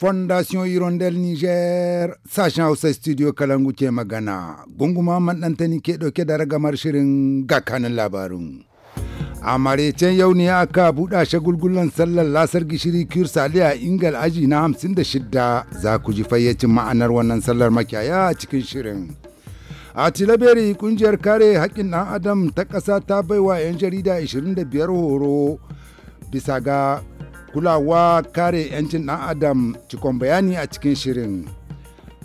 fondation hirondel niger sashen hausa studio kalangu ke magana gunguma maɗantani ke ɗauke da ragamar shirin gakanin labarun. a maraicen yau ne aka buɗa shagulgulan sallar lasar gishiri kirsali a ingal aji na shidda. za ku ji fayyacin ma'anar wannan sallar makiyaya a cikin shirin a tilaberi kungiyar kare haƙƙin ɗan adam ta ƙasa ta baiwa 'yan jarida 25 horo bisa ga kulawa kare 'yancin ɗan adam cikon bayani a cikin shirin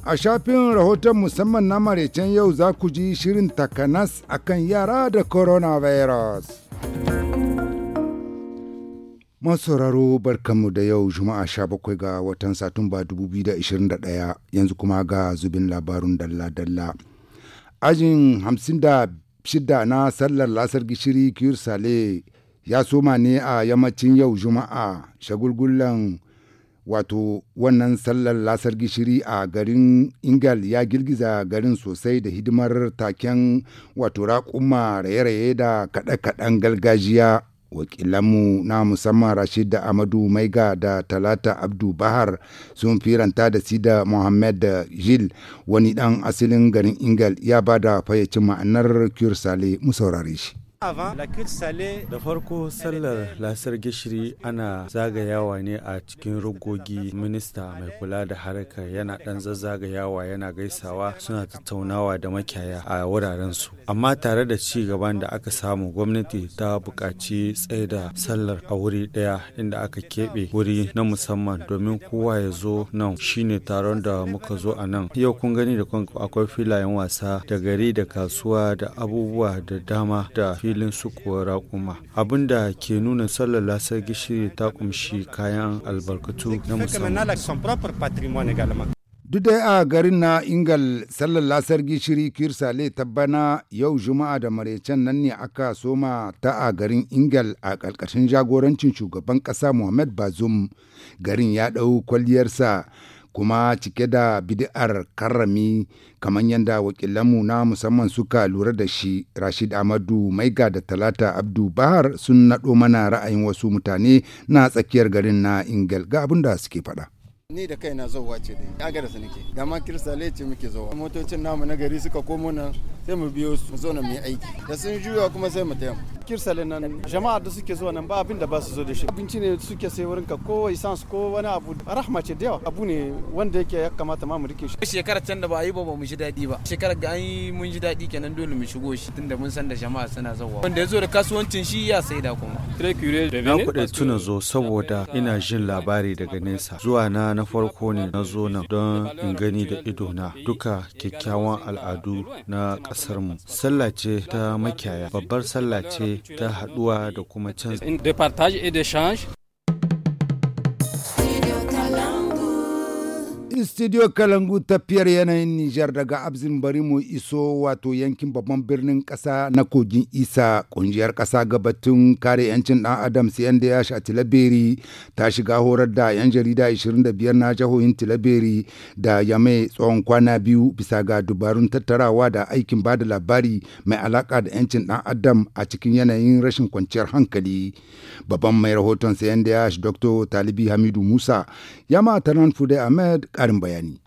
a shafin rahoton musamman na maraicen yau za ku ji shirin takanas akan yara da coronavirus masauraro barkanmu da yau juma'a 17 ga watan satumba 2021 yanzu kuma ga zubin labarun dalla-dalla ajin 56 na sallar lasar gishiri kiyar ya soma ne a yammacin yau juma'a shagulgulan wato wannan sallar lasar gishiri a garin ingal ya girgiza garin sosai da hidimar taken wato raƙuma raye-raye da kaɗe-kaɗen gargajiya wakilanmu na musamman rashid da amadu maiga da talata abdu bahar sun firanta da sida mohamed da jil wani ɗan asalin garin ingal ya ba da fayyacin ma'anar kyursale mu saurare shi Da farko sallar lasar gishiri ana zagayawa ne a cikin rugogi minista mai kula da harkar yana dan zazzagayawa yana gaisawa suna tattaunawa da makiyaya a wurarensu. Amma tare da ci gaban da aka samu gwamnati ta buƙaci tsaida sallar a wuri ɗaya inda aka keɓe wuri na musamman domin kowa ya zo nan shine taron da muka zo a nan. Yau kun gani da akwai filayen wasa da gari da kasuwa da abubuwa da dama da fili filin su raƙuma abin da ke nuna sallar lasar gishiri ta kumshi kayan albarkatu na musamman duk a garin na ingal sallar lasar gishiri kirsale ta bana yau juma'a da maraicen nan ne aka soma ta a garin ingal a ƙarƙashin jagorancin shugaban ƙasa muhammad bazum garin ya ɗau kwalliyarsa kuma cike da bid'ar karrami kamar yadda wakilanmu na musamman suka lura da shi rashid amadu maiga da talata abdu bahar sun naɗo mana ra'ayin wasu mutane na tsakiyar garin na ingal ga abin da suke faɗa ni da kaina zauwa ce dai agaras nake da ma kirsale ce muke zo motocin namu na gari suka komo nan sai mu biyo su zo nan mu aiki da sun juya kuma sai mu taya kirsale nan jama'a da suke zuwa nan ba abin da ba su zo da shi abinci ne suke sai wurin ka ko isans ko wani abu rahma ce da yawa abu ne wanda yake ya kamata ma mu rike shi shekarar can da ba a yi ba ba mu ji daɗi ba shekarar da an yi mun ji daɗi kenan dole mu shigo shi tunda mun san da jama'a suna zauwa wanda ya zo da kasuwancin shi ya saida kuma na kuɗe tuna zo saboda ina jin labari daga nesa zuwa na na farko ne na zo nan don in gani da ido na. duka kyakkyawan al'adu na ƙasarmu. Sallah ce ta makiyaya, babbar sallah ce ta haɗuwa da kuma canza. Studio Kalangu tafiyar yanayin Nijar daga Abzin bari mu iso wato yankin babban birnin kasa. na kogin Isa ƙungiyar kasa gabatun kare 'yancin dan Adam CNDH a Tilaberi ta shiga horar da 'yan jarida 25 na jihohin Tilaberi da Yame tsawon kwana biyu bisa ga dubarun tattarawa da aikin ba da labari mai alaka da 'yancin dan Adam a cikin yanayin rashin kwanciyar hankali. Babban mai rahoton CNDH Dr. Talibi Hamidu Musa ya ma Tanan Fude Ahmed ƙarin bayani.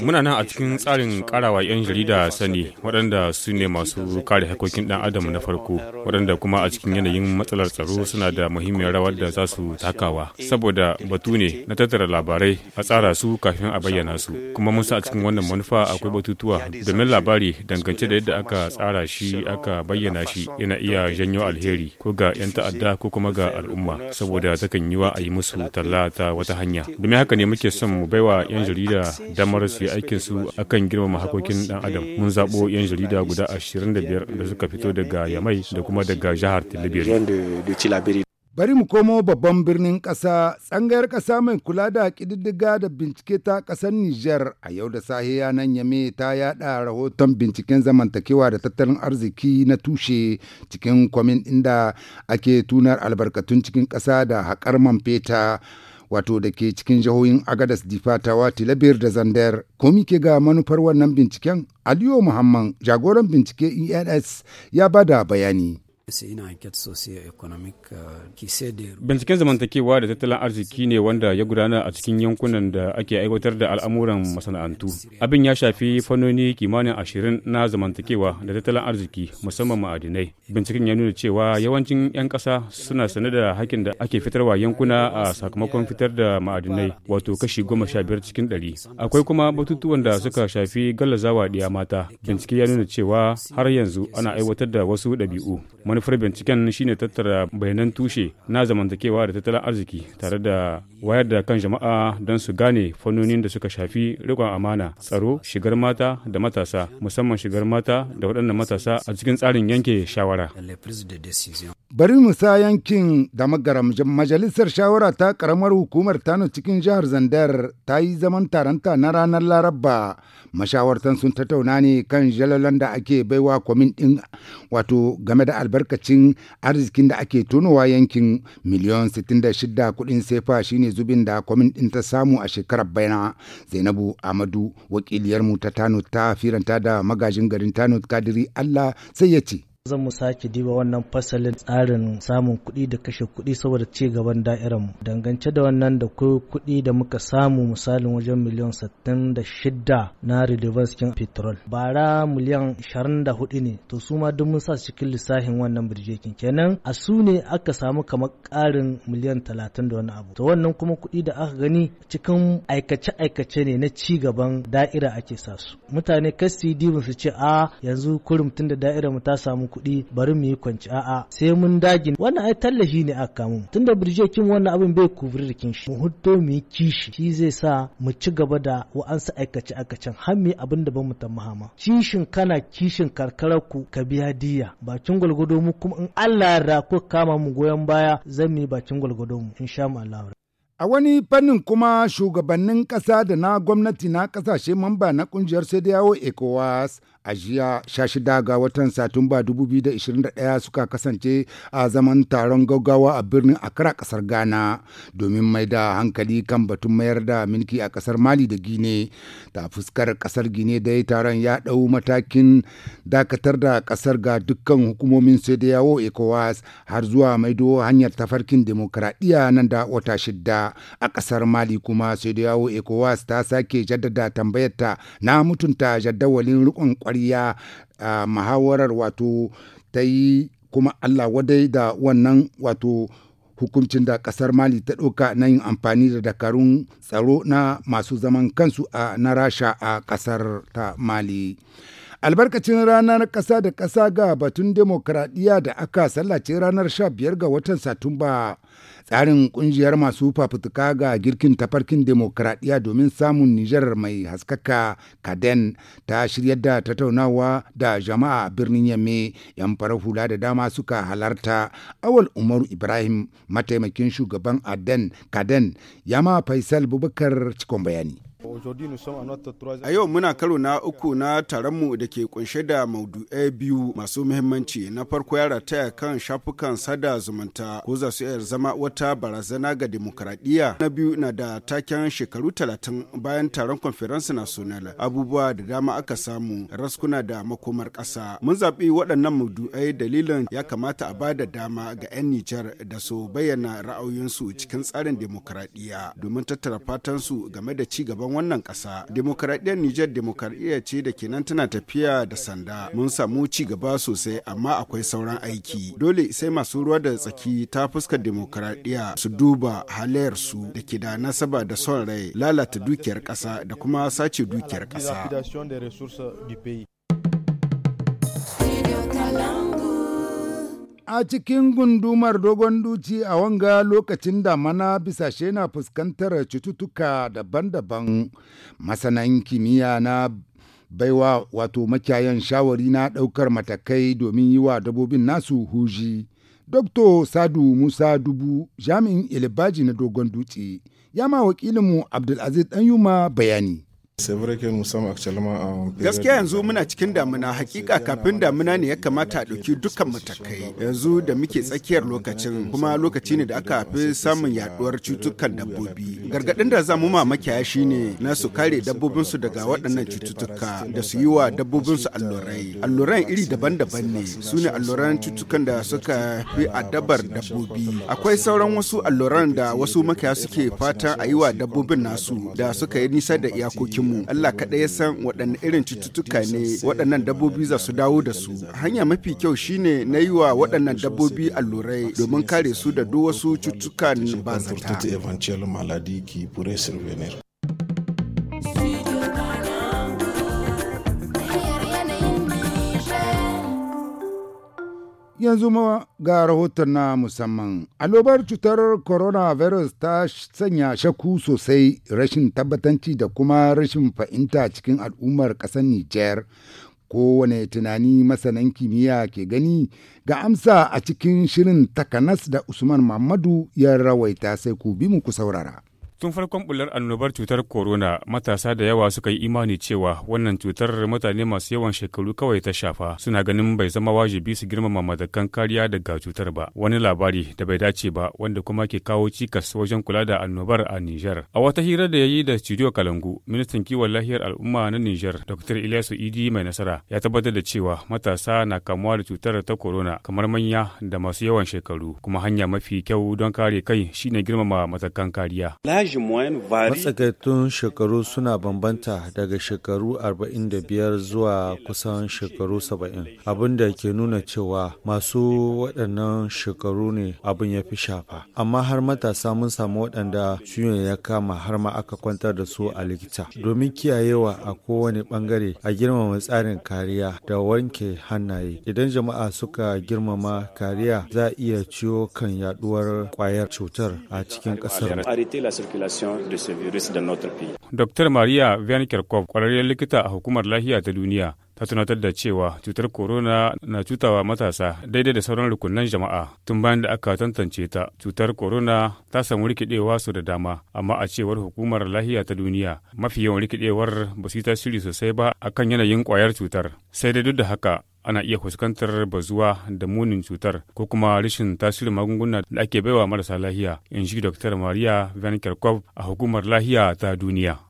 Muna nan a cikin tsarin karawa 'yan jarida sani waɗanda su ne masu kare hakokin ɗan adam na farko waɗanda kuma a cikin yanayin matsalar tsaro suna da muhimmiyar rawar da za su takawa saboda batu ne na tattara labarai a tsara su kafin a bayyana su kuma mun sa a cikin wannan manufa akwai batutuwa domin labari dangance da yadda aka tsara shi aka bayyana shi yana iya janyo alheri ko ga 'yan ta'adda ko kuma ga al'umma saboda takan yiwa a yi musu talla ta wata hanya domin haka ne muke son mu baiwa 'yan jarida damar su yi aikinsu akan girmama hakokin dan adam mun zaɓo 'yan jarida guda 25 da suka fito daga yamai da kuma daga jihar tilibiri bari mu komo babban birnin ƙasa tsangayar ƙasa mai kula da ƙididdiga da bincike ta ƙasar Nijar a yau da sahe yanan yame ta yada rahoton binciken zamantakewa da tattalin arziki na tushe cikin kwamin inda ake tunar albarkatun cikin ƙasa da haƙar man feta wato da ke cikin jihohin agadas difatawa tilabir da zandayar komi ke ga manufar wannan binciken aliyu muhammad jagoran bincike ens ya bada bayani Euh, Binciken zamantakewa da tattalin arziki ne wanda ya gudana a cikin yankunan da ake aiwatar da al'amuran masana'antu. Abin ya shafi fannoni kimanin ashirin na zamantakewa da tattalin arziki musamman ma'adinai. Binciken ya nuna cewa yawancin 'yan ƙasa suna sane da hakin da ake fitarwa yankuna a sakamakon fitar da ma'adinai wato kashi goma sha biyar cikin ɗari. Akwai kuma batutuwan da suka shafi gallazawa ɗiya mata. Bincike ya nuna cewa har yanzu ana aiwatar da wasu ɗabi'u. manufar binciken shine tattara bayanan tushe na zamantakewa da tattalin arziki tare da wayar da kan jama'a don su gane fannonin da suka shafi rikon amana tsaro shigar mata da matasa musamman shigar mata da waɗannan matasa a cikin tsarin yanke shawara bari musa yankin da magaram majalisar shawara ta karamar hukumar tano cikin jihar zandar ta yi zaman taranta na ranar laraba mashawartan sun tattauna ne kan jalalan da ake baiwa kwamin din wato game da albarkacin arzikin da ake tonowa yankin miliyan 66 kudin sefa shine zubin da kwamin ɗin ta samu a shekarar bana zainabu amadu wakiliyarmu ta tano ta firanta da magajin garin tano kadiri allah sai ya ce zan mu sake diba wannan fasalin tsarin samun kuɗi da kashe kuɗi saboda ci gaban da'irar mu dangance da wannan da ko kuɗi da muka samu misalin wajen miliyan shidda na relevance petrol bara miliyan hudu ne to su ma duk mun sa cikin lissafin wannan birjekin kenan a su ne aka samu kamar ƙarin miliyan talatin da wani abu to wannan kuma kuɗi da aka gani cikin aikace-aikace ne na ci gaban da'ira ake sa su mutane kasi dibin su ce a yanzu kurum tun da da'ira mu ta samu kuɗi kuɗi bari mu yi kwanci a'a sai mun dage wannan ai tallafi ne a kamu tunda birje kin wannan abin bai kubri kin shi mu hutto mu yi kishi shi zai sa mu ci gaba da wa'ansu aikace aikacen har mu abin da ba mu tamma kishin kana kishin karkarar ku ka biya diya bakin gwalgwado mu kuma in Allah ya ko kama mu goyon baya zan mu bakin gwalgwado mu mu Allah A wani fannin kuma shugabannin ƙasa da na gwamnati na ƙasashe mamba na ƙungiyar sai da yawo ECOWAS a jiya 16 ga watan satumba 2021 suka kasance a zaman taron gaggawa a birnin akara kasar ghana domin mai da hankali kan batun mayar da milki a kasar mali da gine ta fuskar kasar gine da ya taron ya ɗau matakin dakatar da kasar ga dukkan hukumomin sai da yawo ecowas har zuwa maido hanyar tafarkin demokradiyya nan da wata shidda a kasar mali kuma sai da yawo ecowas ta sake jaddada tambayarta na mutunta jadawalin rikon Ƙarya a muhawarar wato ta yi kuma Allah wadai da wannan wato hukuncin da ƙasar mali ta ɗauka na yin amfani da dakarun tsaro na masu zaman kansu a na rasha a ƙasar ta mali albarkacin ranar ƙasa da ƙasa ga batun demokradiyya da aka sallace ranar 15 ga watan satumba tsarin kungiyar masu fafutuka ga girkin tafarkin demokradiyya domin samun nijar mai haskaka kaden ta shirya da tattaunawa da jama'a birnin yamme yan farar hula da dama suka halarta awal umaru ibrahim mataimakin shugaban aden kaden yama faisal bubakar cikon bayani A yau muna karo na uku na taronmu da ke kunshe da maudu'ai biyu masu muhimmanci na farko ya rataya kan shafukan sada zumunta ko za su iya zama wata barazana ga demokradiyya. Na biyu na da taken shekaru talatin bayan taron conference national abubuwa da dama aka samu raskuna da makomar kasa Mun zaɓi waɗannan maudu'ai dalilin ya kamata a bada dama ga 'yan Nijar da su bayyana ra'ayoyinsu cikin tsarin demokradiyya domin tattara fatansu game da ci gaban gaban wannan ƙasa demokaradiyyar niger demokaradiyya ce da ke nan tana tafiya da sanda mun samu ci gaba sosai amma akwai sauran aiki dole sai masu ruwa da tsaki ta fuska demokaradiyya su duba halayyar su da ke da nasaba da son rai lalata dukiyar ƙasa da kuma sace dukiyar ƙasa A cikin gundumar dogon duci a wanga lokacin da mana bisashe na fuskantar cututtuka daban-daban masanan kimiyya na baiwa wato makiyayan shawari na ɗaukar matakai domin yi wa dabobin nasu huji. Dr. Sadu Musa Dubu jami'in Ilibaji na dogon duci, ya ma wakilinmu Abdulaziz yuma bayani. Um, Gaskiya yanzu muna cikin damina hakika kafin damina ne ya kamata a ɗauki dukkan matakai yanzu da muke tsakiyar lokacin kuma lokaci ne da aka fi samun yaduwar cutukan dabbobi. Gargaɗin da za mu ma shi shine na su kare dabbobinsu daga waɗannan cututtuka da su yi wa dabbobinsu allurai. Alluran iri daban-daban ne su ne alluran cututtukan da suka fi adabar dabbobi. Akwai sauran wasu alluran da wasu makaya suke fatan a yi wa dabbobin nasu da suka yi nisa da iyakokin mu Allah kaɗai ya san waɗanne irin cututtuka ne waɗannan dabbobi za su dawo da su hanya mafi kyau shine na yi wa waɗannan dabbobi allurai domin kare su da duk wasu cututtukan bazata yanzu ma ga rahoton na musamman alobar cutar coronavirus ta sanya shaku sosai rashin tabbatanci da kuma rashin fahimta cikin al'ummar ƙasar niger kowane tunani masanan kimiyya ke gani ga amsa a cikin shirin takanas da usman mamadu ya rawaita sai ku bi mu ku saurara Tun farkon bular annobar cutar corona matasa da yawa suka yi imani cewa wannan cutar mutane masu yawan shekaru kawai ta shafa suna ganin bai zama wajibi su girmama matakan kariya daga cutar ba wani labari da bai dace ba wanda kuma ke kawo cikas wajen kula da annobar a Niger. A wata hira da ya yi da Studio Kalangu ministan kiwon lahiyar al'umma na Niger, Dr. Ilyasu Idi mai nasara ya tabbatar da cewa matasa na kamuwa da cutar ta corona kamar manya da masu yawan shekaru kuma hanya mafi kyau don kare kai shine girmama matakan kariya. matsakaitun shekaru suna bambanta daga shekaru 45 zuwa kusan shekaru 70 abin da ke nuna cewa masu waɗannan shekaru ne abin ya fi shafa amma har matasa mun samu waɗanda ciwon ya kama har ma aka kwantar da su a likita domin kiyayewa a kowane ɓangare a girmama tsarin kariya da wanke hannaye idan jama'a suka girmama kariya za a iya ciwo kan yaduwar kwayar cutar a cikin ƙasar circulation de ce virus dans notre pays. Docteur Maria Vianikerkov, kwararriyar likita a hukumar lafiya ta duniya, ta tunatar da cewa cutar corona na cutawa matasa daidai da sauran rukunan jama'a tun bayan da aka tantance ta cutar corona ta samu rikidewa su da dama amma a cewar hukumar lahiya ta duniya mafi yawan rikidewar ba su yi tasiri sosai ba akan yanayin kwayar cutar sai dai duk da haka ana iya fuskantar bazuwa da munin cutar ko kuma rashin tasirin magunguna da ake baiwa marasa lahiya in ji dr maria van kerkov a hukumar lahiya ta duniya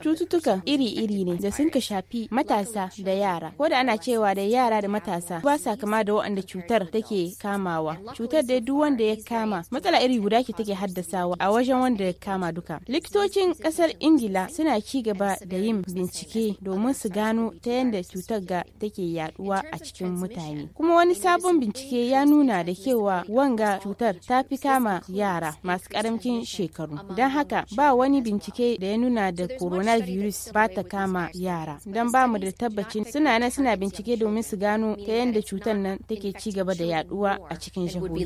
cututtuka iri-iri ne da sun ka shafi matasa da yara ko da ana cewa da yara da matasa ba sa kama da waɗanda cutar take kamawa cutar da duk wanda ya kama matsala iri guda ke take haddasawa a wajen wanda ya kama duka likitocin ƙasar ingila suna ci gaba da yin bincike domin su gano ta yadda cutar ga take yaduwa a cikin mutane kuma wani sabon bincike ya nuna da cewa wanga cutar ta fi kama yara masu karamcin shekaru don haka ba wani bincike da ya nuna da coronavirus ba ta kama yara don ba mu da tabbacin suna nan suna bincike domin su gano ta yadda cutar nan take ci gaba da yaduwa a cikin jihohi.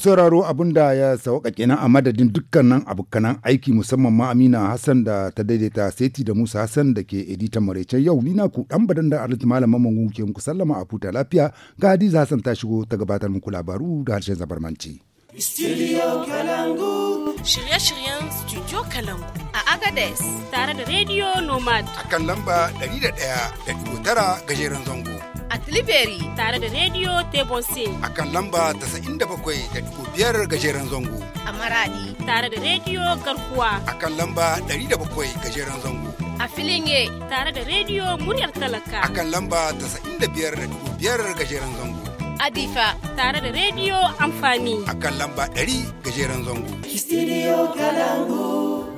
sauraro abin da ya sauka kenan a madadin dukkanin abokanan aiki musamman ma Amina Hassan da ta daidaita Seti da Musa Hassan da ke editan maraicen yau ni na ku dan badan da Arlit Malam Mamman ke muku sallama a futa lafiya ga Hadiza Hassan ta shigo ta gabatar muku labaru da harshen zabarmanci. Studio Kalangu. Shirye-shiryen Studio Kalangu a agades tare da Radio Nomad. A kan lamba 100.9 gajeren zango. a Tilibiri tare da Radio Tebose. A kan lamba da bakwai biyar gajeren zango. A Maradi tare da Radio Garkuwa. A kan lamba da bakwai gajeren zango. A Filinge tare da Radio Muryar Talaka. A kan lamba da biyar biyar gajeren zango. a Difa tare da Radio Amfani. A kan lamba 100 gajeren zango. Studio Kalangu.